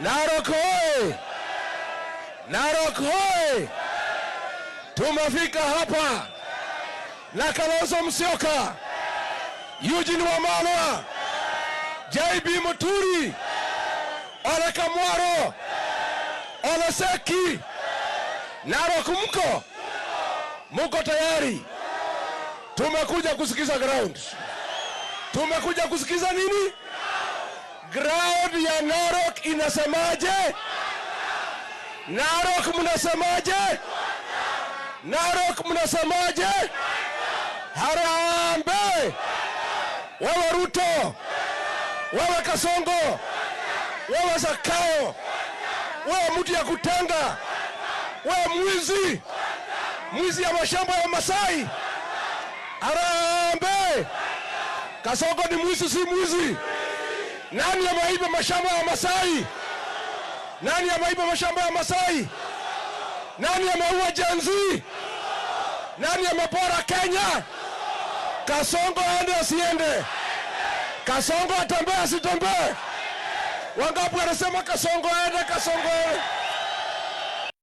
Narok hoye! Narok hoye! Tumefika hapa na Kalonzo Musyoka, Eugene Wamalwa, JB Muturi, Ole Kamwaro, Ole Seki. Narok mko muko tayari? Tumekuja kusikiza ground, tumekuja kusikiza nini? ground ya Narok inasemaje? Narok mnasemaje? Narok mnasemaje? Harambe! Wewe Ruto, wewe Kasongo, wewe Sakao, wewe mtu ya kutanga, wewe mwizi, mwizi ya mashamba ya Masai. Harambe! Kasongo ni mwizi, si mwizi? Nani ameiba mashamba ya Masai? Nani ameiba mashamba ya Masai? Nani ameua jenzi? Nani amepora Kenya? Kasongo aende asiende? Kasongo atembee asitembee? Wangapi wanasema Kasongo aende? Kasongo aende?